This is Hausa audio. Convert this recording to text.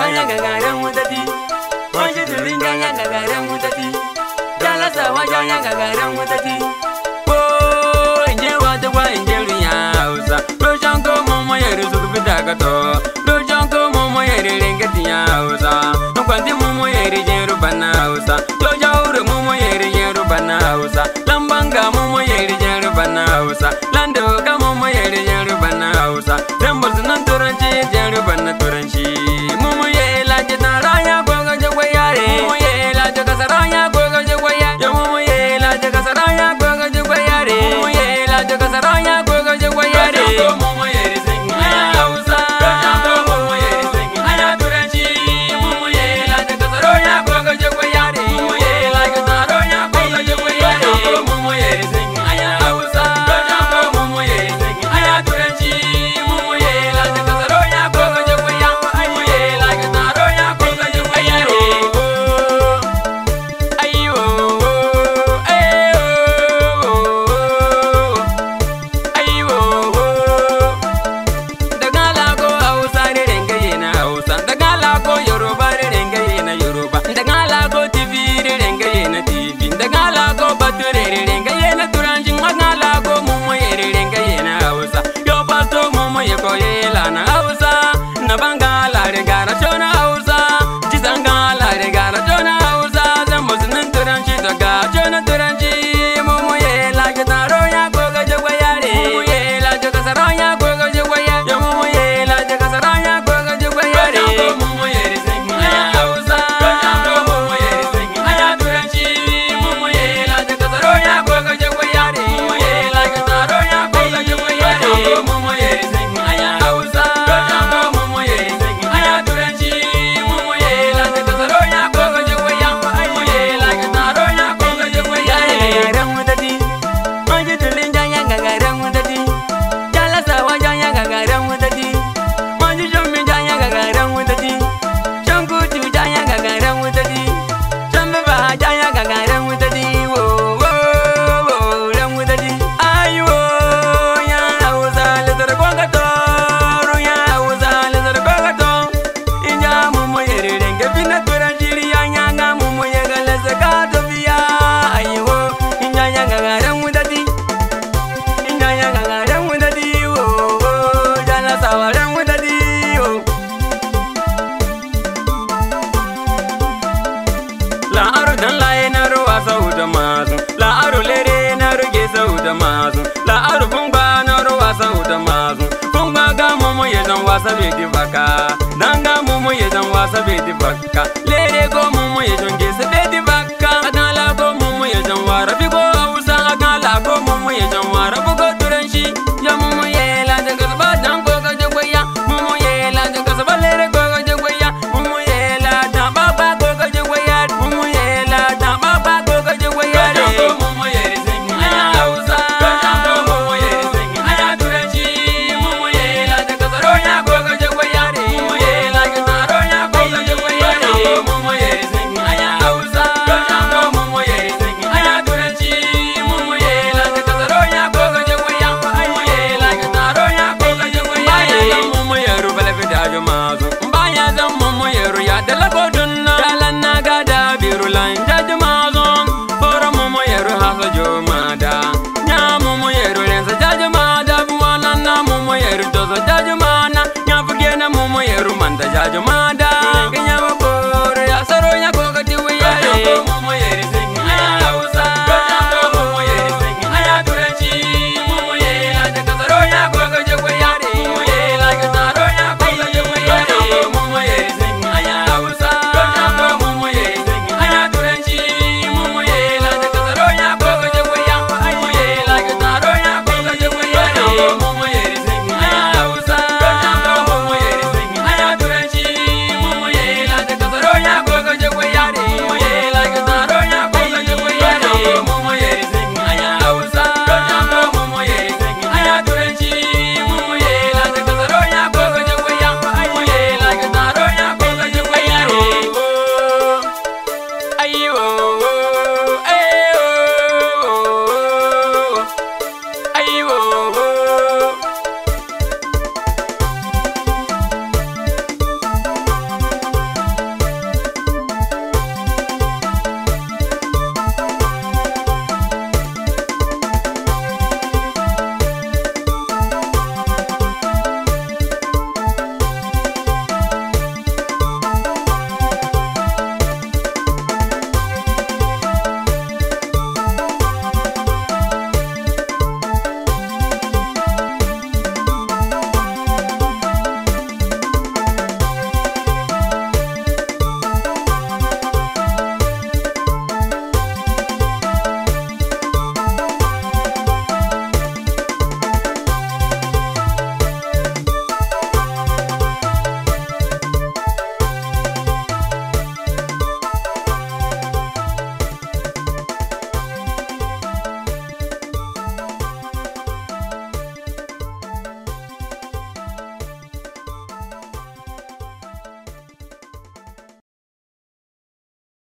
Wanya gagaran mutafi Wanshi turin janya gagaran mutafi Jalasa wajanya da mazu la'aru kun ba na ruwa sau da mazu kun ba ga mu mu wasa bai dibaka dan ga mu mu yadan wasa bai dibaka lere go mu mu yadan